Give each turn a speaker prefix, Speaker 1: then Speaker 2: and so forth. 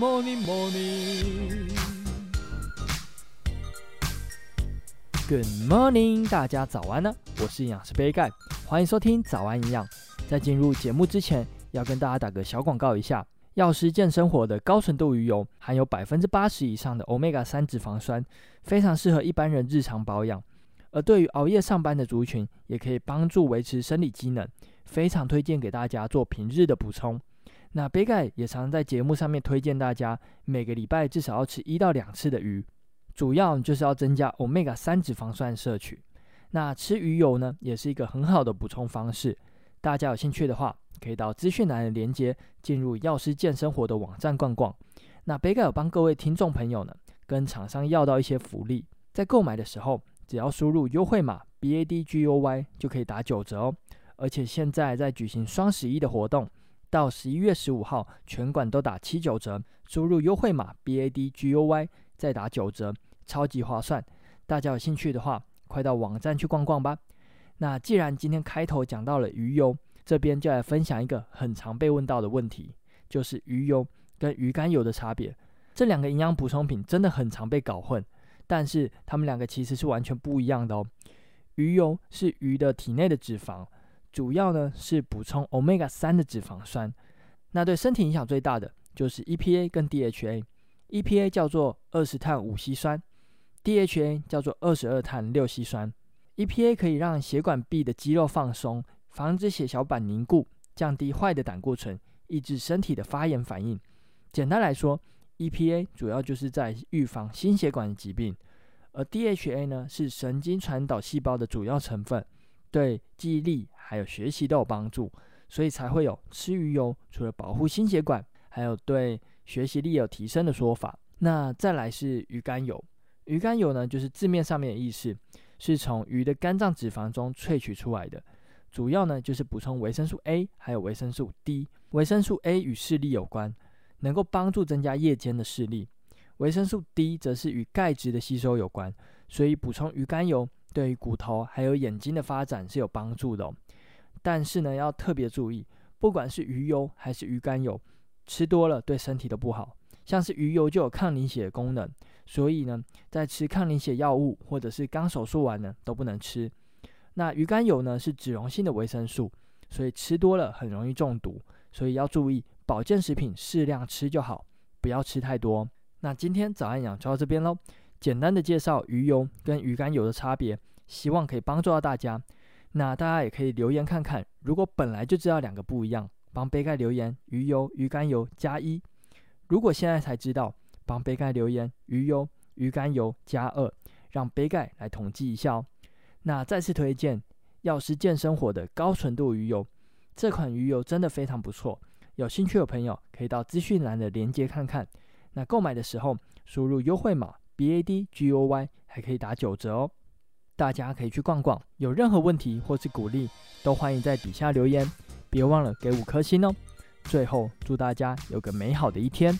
Speaker 1: Good morning, morning. Good morning，大家早安呢、啊！我是營養師杯蓋，歡迎收聽早安營養。在進入節目之前，要跟大家打個小廣告一下：藥師健生活的高純度魚油，含有百分之八十以上的 Omega 三脂肪酸，非常適合一般人日常保養。而對於熬夜上班的族群，也可以幫助維持生理機能，非常推薦給大家做平日的補充。那杯蓋也常在節目上面推薦大家，每個禮拜至少要吃一到兩次的魚，主要就是要增加歐米伽三脂肪酸攝取。那吃魚油呢，也是一個很好的補充方式。大家有興趣的話，可以到資訊欄的連接進入藥師健生活的網站逛逛。那杯蓋有幫各位聽眾朋友呢，跟廠商要到一些福利，在購買的時候只要輸入優惠碼 B A D G U Y 就可以打九折哦。而且現在在舉行雙十一的活動。到十一月十五號，全館都打七九折，輸入優惠碼 B A D G U Y 再打九折，超級划算。大家有興趣的話，快到網站去逛逛吧。那既然今天開頭講到了魚油，這邊就來分享一個很常被問到的問題，就是魚油跟魚肝油的差別。這兩個營養補充品真的很常被搞混，但是它們兩個其實是完全不一樣的哦。魚油是魚的體內的脂肪。主要呢是補充 Omega 三的脂肪酸，那對身體影響最大的就是 EPA 跟 DHA。EPA 叫做二十碳五烯酸，DHA 叫做二十二碳六烯酸。EPA 可以讓血管壁的肌肉放鬆，防止血小板凝固，降低壞的膽固醇，抑制身體的發炎反應。簡單來說，EPA 主要就是在預防心血管疾病，而 DHA 呢是神經傳導細胞的主要成分，對記憶力。還有學習都有幫助，所以才會有吃魚油除了保護心血管，還有對學習力有提升的說法。那再來是魚肝油，魚肝油呢，就是字面上面的意思，是從魚的肝臟脂肪中萃取出來的，主要呢就是補充維生素 A 還有維生素 D。維生素 A 與視力有關，能夠幫助增加夜間的視力。維生素 D 則是與鈣質的吸收有關，所以補充魚肝油對於骨頭還有眼睛的發展是有幫助的哦。但是呢，要特別注意，不管是魚油還是魚肝油，吃多了對身體都不好。像是魚油就有抗凝血的功能，所以呢，在吃抗凝血藥物或者是剛手術完呢，都不能吃。那魚肝油呢是脂溶性的維生素，所以吃多了很容易中毒，所以要注意，保健食品適量吃就好，不要吃太多。那今天早安營養就到這邊嘍，簡單的介紹魚油跟魚肝油的差別，希望可以幫助到大家。那大家也可以留言看看，如果本來就知道兩個不一樣，幫杯蓋留言魚油、魚肝油加一；如果現在才知道，幫杯蓋留言魚油、魚肝油加二，讓杯蓋來統計一下哦。那再次推薦藥師健生活的高純度魚油，這款魚油真的非常不錯，有興趣的朋友可以到資訊欄的鏈接看看。那購買的時候輸入優惠碼 badguy 還可以打九折哦。大家可以去逛逛，有任何問題或是鼓勵，都歡迎在底下留言，別忘了給五顆星哦。最後祝大家有個美好的一天。